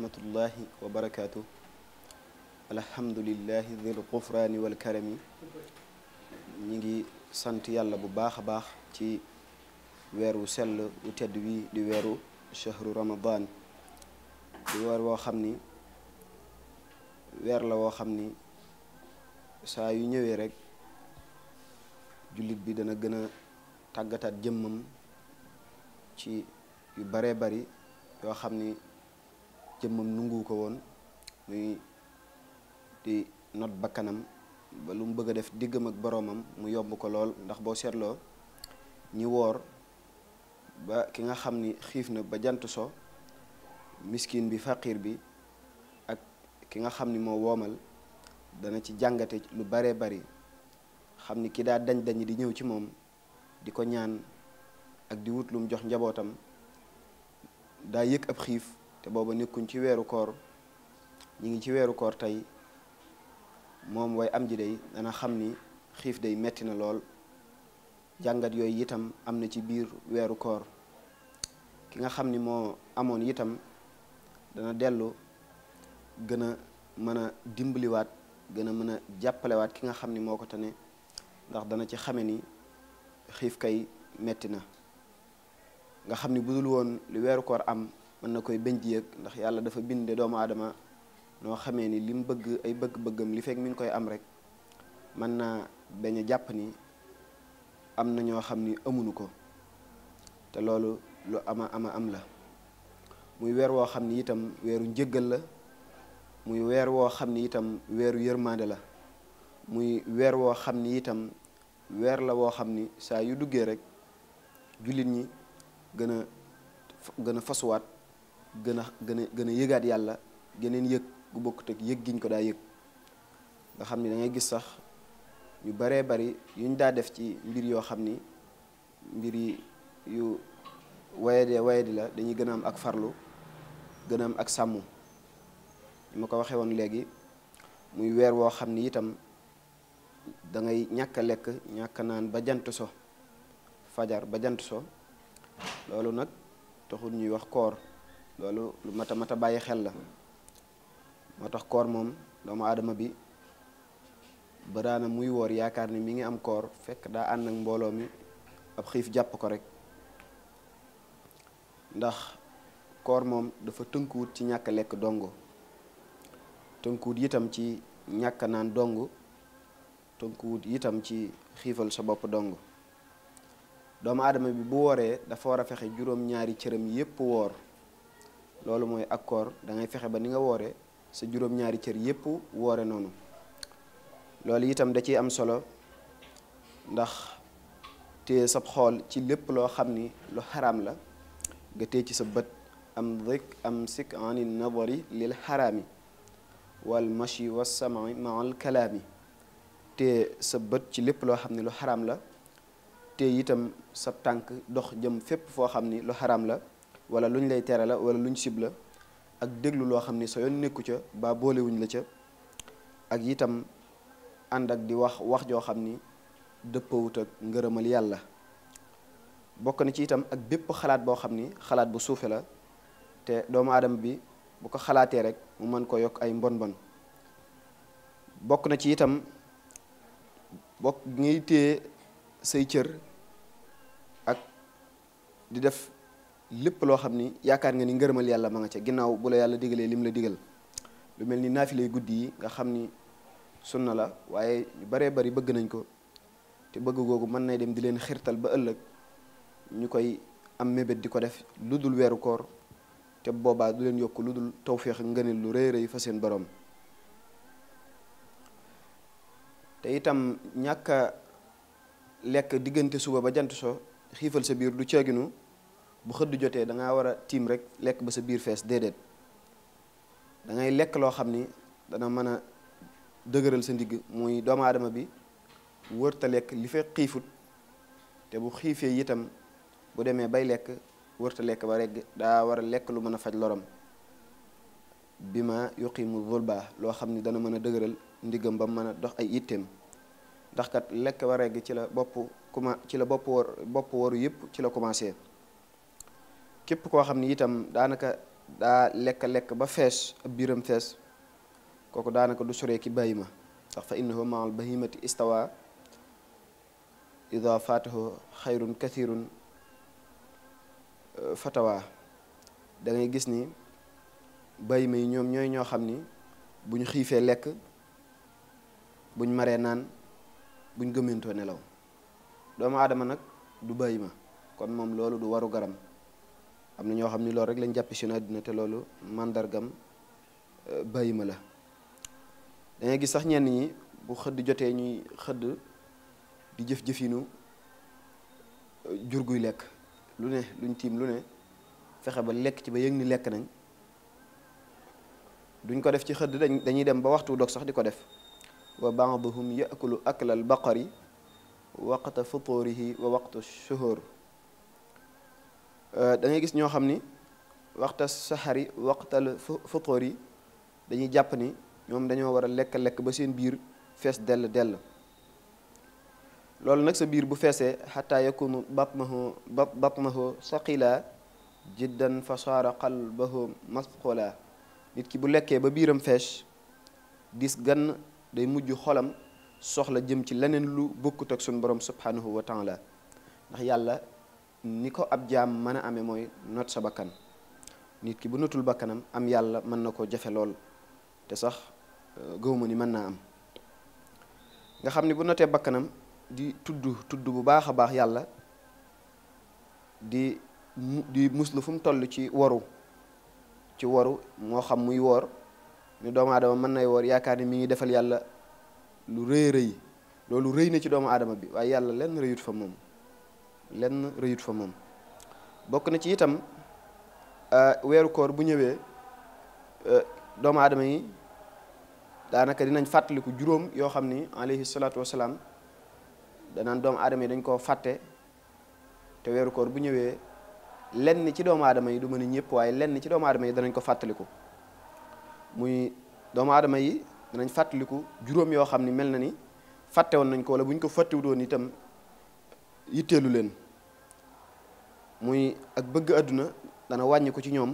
rahmatullahi wa barakaatu alhamdulillahi dil gufraani wal karami ñi ngi sant yàlla bu baax a baax ci weeru sell wu tedd wi di weeru shahru ramadan di weer woo xam ni weer la woo xam ni saa yu ñëwee rekk jullit bi dana gën a tàggataat jëmmam ci yu baree bari yoo xam ni jëmmam nungu ko woon muy di not bakkanam ba lu mu bëgg a def diggam ak boroomam mu yomb ko lool ndax boo seetloo ñi woor ba ki nga xam ni xiif na ba jant so miskin bi faqir bi ak ki nga xam ni moo woomal dana ci jàngate lu baree bari xam ni ki daa dañ dañ di ñëw ci moom di ko ñaan ak di wut lu mu jox njabootam daa yëg ab xiif te booba nekkuñ ci weeru koor ñi ngi ci weeru koor tey moom way am ji day dana xam ni xiif day metti na lool jàngat yooyu itam am na ci biir weeru koor ki nga xam ni moo amoon itam dana dellu gën a mën a dimbaliwaat gën a mën a jàppalewaat ki nga xam ni moo ko tane ndax dana ci xame ni xiif kay metti na nga xam ni budul woon lu weeru koor am mën na koy bëñ di yëg ndax yàlla dafa binde doomu aadama noo xamee ni li bëgg ay bëgg-bëggam li fekk mi koy am rek mën naa bañ jàpp ni am na ñoo xam ni amuñu ko te loolu lu ama ama am la muy weer woo xam ni itam weeru njëggal la muy weer woo xam ni itam weeru yërmande la muy weer woo xam ni itam weer la woo xam ni saa yu duggee rek jullit ñi gën a gën a fasuwaat gën a gën a gën a yëgaat yàlla geneen yëg gu bokkut ak yëg giñ ko daa yëg nga xam ni dangay gis sax ñu baree bari yu yuñ daa def ci mbir yoo xam ni mbir yi yu wayade wayadi la dañuy gën a am ak farlu gën am ak sàmmu ni ma ko waxee woon léegi muy weer woo xam ni itam dangay ñàkk lekk ñàkk naan ba jant so fajar ba jant so loolu nag taxul ñuy wax koor loolu lu mat a mat a bàyyi xel la moo tax koor moom doomu aadama bi ba daana muy woor yaakaar ni mi ngi am koor fekk daa ànd ak mbooloo mi ab xiif jàpp ko rek ndax koor moom dafa tënkuwut ci ñàkk lekk dong tënkuwut yitam ci ñàkk naan dong tënkuwut yitam ci xiifal sa bopp dong doomu aadama bi bu wooree dafa war a fexe juróom-ñaari cëram yépp woor loolu mooy ak koor da ngay fexe ba ni nga woore sa juróom-ñaari cër yépp woore noonu loolu itam da ciy am solo ndax téye sab xool ci lépp loo xam ni lu xaraam la nga te ci sa bët am dik am sik ani nadari lil xaraami wal mashi wa samai maal kalaami téye sa bët ci lépp loo xam ni lu xaraam la te itam sa tànk dox jëm fépp foo xam ni lu xaraam la wala luñ lay tere la wala luñ ñu sib la ak déglu loo xam ni sa yoon nekku ca ba boolewuñ la ca ak itam ànd ak di wax wax joo xam ni dëppawut ak ngërëmal yàlla bokk na ci itam ak bépp xalaat boo xam ni xalaat bu suufe la te doomu aadama bi bu ko xalaatee rek mu mën ko yokk ay mbon mbon bokk na ci itam bokk ngay téye say cër ak di def lépp loo xam ni yaakaar nga ni ngërëmal yàlla ma nga ca ginnaaw bu la yàlla digalee lim la digal lu mel ni lay guddi yi nga xam ni sunna la waaye ñu baree bari bëgg nañ ko te bëgg googu mën nay dem di leen xirtal ba ëllëg ñu koy am mébét di ko def lu dul weeru koor te boobaa du leen yokk lu dul tawféex ak ngëneel lu rëy rëy fa seen borom te itam ñàkk lekk diggante suba ba jant soo xiifal sa biir du ceeginu bu xëdd jotee da ngaa war a tiim rek lekk ba sa biir fees déedéet dangay lekk loo xam ni dana mën a dëgëral sa ndigg muy doomu aadama bi wërta lekk li fa xiifut te bu xiifee itam bu demee bay lekk wërta lekk ba rek daa war a lekk lu mën a faj lorom bi ma mu zulba loo xam ni dana mën a dëgëral ndiggam ba mën a dox ay itteem ndax kat lekk ba regg ci la bopp kuma ci la bopp waru yëpp ci la commencé képp koo xam ni itam daanaka daa lekk-lekk ba fees ab biiram fees kooku daanaka du soree ki bayima ndax fa innahu maal bahimati stawa ida fatahu xayrun kathirun fatawa da ngay gis ni bayima yi ñoom ñooy ñoo xam ni bu ñu xiifee lekk buñ maree naan buñ gëmentoo nelaw doomu aadama nag du ma kon moom loolu du waru garam am na ñoo xam ni loolu rek lañ jàppe sunu àddina te loolu màndargam euh, bàyyi ma la dangay gis sax ñenn ñi bu xëdd jotee ñuy xëdd di jëf jëfinu euh, jur guy lekk lu ne luñ tiim lu ne fexe ba lekk ci ba yëg ni lekk nañ duñ ko def ci xëdd dañuy dem ba waxtu dog sax di ko def wa baaduhum yakulu akla al baqari waqta futuurihi wa waqtu shuhur Euh, da gis ñoo xam ni waxta saxari waxtal fuqóor yi dañuy jàpp ni ñoom dañoo war a lekk-lekk ba seen biir fees dell dell loolu nag sa biir bu feesee xataa yakunu batmahu batmahu saqila jiddan fa saara qalbahu nit ki bu lekkee ba biiram fees dis gann day mujj xolam soxla jëm ci leneen lu bokkut ak sunu borom subhanahu wa ndax yàlla ni ko ab jaam mën a amee mooy not sa bakkan nit ki bu notul bakkanam am yàlla mën na koo jafe lool te sax euh, gëwma ni mën naa am nga xam ni bu notee bakkanam di tudd tudd bu baax a baax yàlla di di muslu fu mu toll ci waru ci waru moo xam muy woor ni doomu aadama mën nay woor yaakaar ni mi ngi defal yàlla lu rëy rëy loolu rëy na ci doomu aadama bi waaye yàlla lenn rëyut fa moom lenn rëyut fa moom bokk na ci itam euh, weeru koor bu ñëwee euh, doomu aadama yi daanaka dinañ fàttaliku juróom yoo xam ni alayhi salaatu wasalaam danaan doomu aadama yi dañ koo fàtte te weeru koor bu ñëwee lenn ci doomu aadama yi du mën a ñëpp waaye lenn ci doomu aadama yi danañ ko fàttaliku muy doomu aadama yi danañ fàttaliku juróom yoo xam ni mel na ni fàtte woon nañ ko wala bu ñu ko fàttewutoon itam yitteelu leen muy ak bëgg àdduna dana wàññi ci ñoom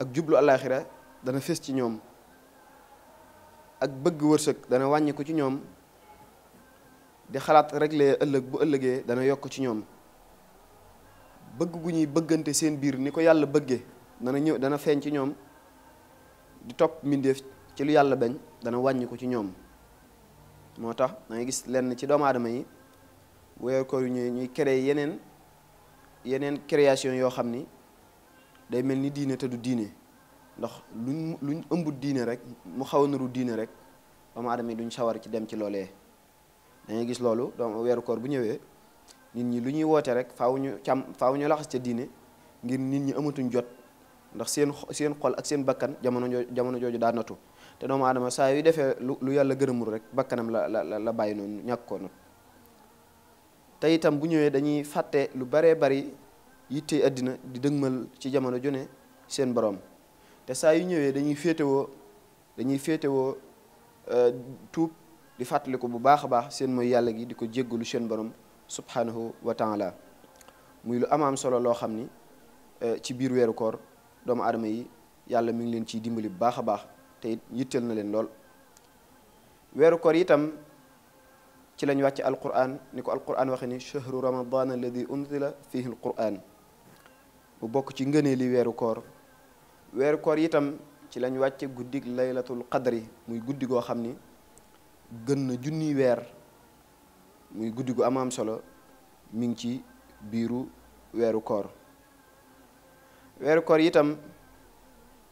ak jublu alaaxira dana fés ci ñoom ak bëgg wërsëg dana wàññi ci ñoom di xalaat régler ëllëg bu ëllëgee dana yokk ci ñoom bëgg gu ñuy bëggante seen biir ni ko yàlla bëggee dana ñëw dana feeñ ci ñoom di topp mbindeef ci lu yàlla bañ dana wàññi ci ñoom moo tax dangay gis lenn ci doomu aadama yi weeru koor yu ñëwee ñuy créer yeneen yeneen création yoo xam ni day mel ni diine te du diine ndax lu luñ ëmbut diine rek mu xaw a nuru diine rek doomu aadama yi duñ sawar ci dem ci loolee dangay gis loolu donc weeru koor bu ñëwee nit ñi lu ñuy woote rek faaw ñu càmm faaw ñu laxas ca diine ngir nit ñi amatuñ jot ndax seen seen xol ak seen bakkan jamono jooju jamono jooju daa natu te doomu aadama saa yu defee lu lu yàlla gërëmul rek bakkanam la la la bàyyi noonu ñàkk ko nat te itam bu ñëwee dañuy fàtte lu baree bari yitte àddina di dëgmal ci jamono ju ne seen borom te saa yu ñëwee dañuy féetewoo dañuy féetewoo euh, tuub di fàttaliku bu baax a baax seen mooy yàlla gi di ko jéggalu seen borom subhanahu wa taala muy lu amaam solo loo xam ni euh, ci biir weeru koor doomu aadama yi yàlla mi ngi leen ciy dimbali bu baax a baax te yitteel na leen lool weeru koor ci lañ wàcce alquran ni ko alquran waxe ni chahru ramadan alladi unzila fihi alquran bu bokk ci ngënee li weeru koor weeru koor itam ci lañ wàcce guddig laylatul qadri muy guddi goo xam ni gën na junniy weer muy guddi gu amaam solo mi ngi ci biiru weeru koor weeru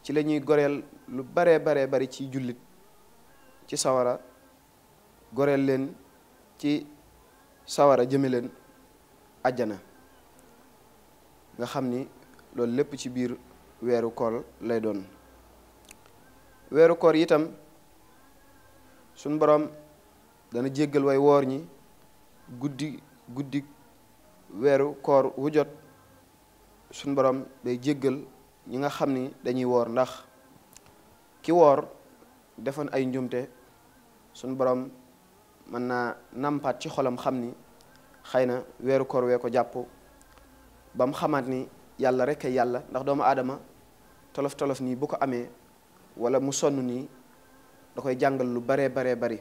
ci la ñuy goreel lu baree bare bari ci jullit ci sawara goreel leen ci sawara jëme leen àjjana nga xam ni loolu lépp ci biir weeru koor lay doon weeru koor yitam suñ boroom dana jéggal way woor ñi guddi guddi weeru koor wu jot suñ boroom day jéggal ñi nga xam ni dañuy woor ndax ki woor defoon ay njumte suñ boroom mën naa nampaat ci xolam xam ni xëy na weeru koor wee ko jàpp ba mu xamaat ni yàlla rek ay yàlla ndax doomu aadama tolof tolof nii bu ko amee wala mu sonn nii da koy jàngal lu baree baree bari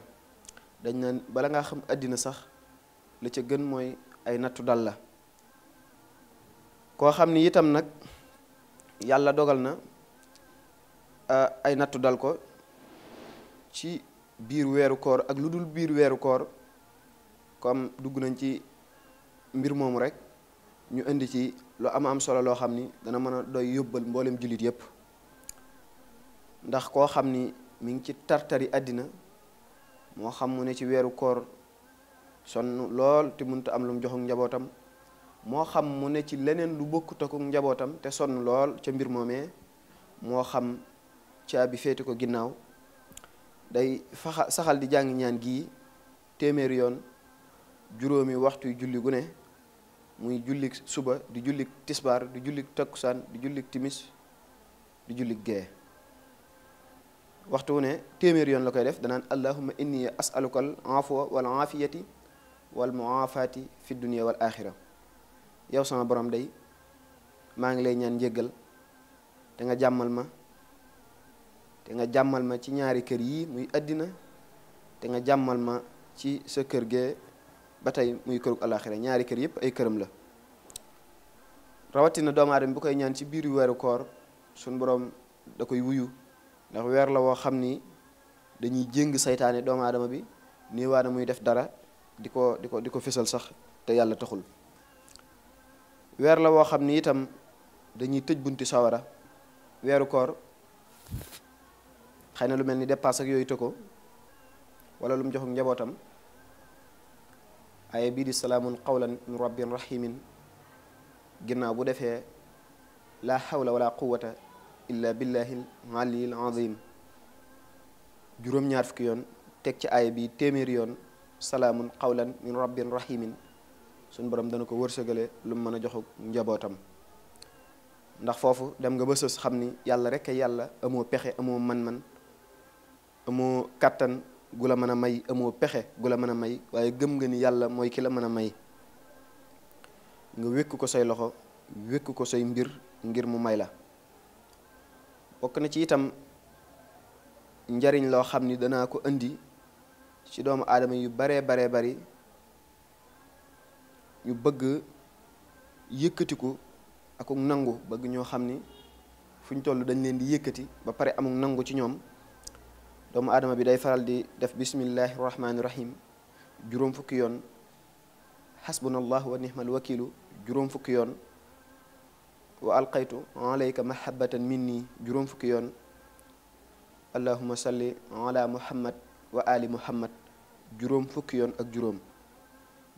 dañ naan bala nga xam àddina sax li ca gën mooy ay nattu dal la koo xam ni itam nag yàlla dogal na ah, ay nattu dal ko ci biir weeru koor ak lu dul biir weeru koor kom dugg nañ ci mbir moomu rek ñu indi ci lu am am solo loo xam ni dana mën a doy yóbbal mboolem jullit yépp ndax koo xam ni mi ngi ci tartari àddina moo xam mu ne ci weeru koor sonn lool te mënut am lu mu njabootam moo xam mu ne ci leneen lu bokkut ak njabootam te sonn lool ca mbir moomee moo xam caabi féete ko ginnaaw day faxa saxal di jàng ñaan gii téeméeri yoon juróomi waxtu julli gu ne muy jullik suba di jullik tisbaar di jullik takkusaan di jullik timis di jullik gee waxtu wu ne téeméeri yoon la koy def danaan allahumma indi asaluka al afwa wal aafiyati wal muaafati fi dunia wal axira yow sama borom day maa ngi lay ñaan njéggal te nga jàmmal ma te nga jàmmal ma ci ñaari kër yii muy àddina te nga jàmmal ma ci sa kër gee ba tey muy këru alaxira ñaari kër yëpp ay këram la rawatina doomu aadama bu koy ñaan ci biiru weeru koor suñ borom da koy wuyu ndax weer la woo xam ni dañuy jéng seytaane doomu aadama bi néewaa na muy def dara di ko di ko di ko fësal sax te yàlla taxul weer la woo xam ni itam dañuy tëj bunti sawara weeru koor xëy na lu mel ni dépasse ak yooyu të ko wala lu mu joxuk njabootam aaya bii di salaamun qawlan min rabbin rahimin ginnaaw bu defee laa xawla wala quwata illa billahi aliyil azim juróom-ñaar fukki yoon teg ci aaya bi téeméeri yoon salaamun qawlan min rabbin rahimin suñ borom dana ko wërsëgale lu mu mën a joxuk njabootam ndax foofu dem nga ba sës xam ni yàlla rek yàlla amoo pexe amoo man-man amoo kàttan gu la mën a may amoo pexe gu la mën a may waaye gëm nga ni yàlla mooy ki la mën a may nga wékk ko say loxo wékk ko say mbir ngir mu may la bokk na ci itam njariñ loo xam ni danaa ko indi ci doomu aadama yu baree baree bari ñu bëgg yëkkatiku akuk nangu bëgg ñoo xam ni fu ñu toll dañ leen di yëkkati ba pare amuk nangu ci ñoom doomu adama bi day faral di def bismillahi rahmaani rahim juróom fukki yoon xasbunallahu wa nihmal wakilu juróom fukki yoon wa alqaytu mahabbatan minni juróom fukki yoon allahuma salli ala muhammad wa ali muhammad juróom fukki yoon ak juróom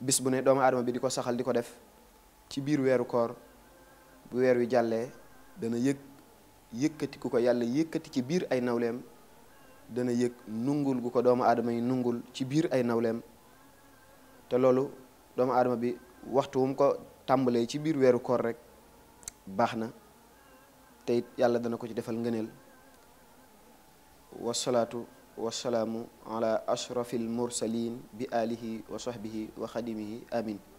bis bu ne doomu aadama bi di ko saxal di ko def ci biir weeru koor bu weer wi jàllee dana yëg yëkkati ko yàlla yëkkati ci biir ay nawleem dana yëg nungul gu ko doomu aadama yi nungul ci biir ay nawleem te loolu doomu adama bi waxtu wum ko tàmbalee ci biir weeru koor rek baax na te yàlla dana ko ci defal ngëneel wasalaatu wasalaamu ala ashrafil mursalin bi alihi wa sahbihi wa xadimihi amin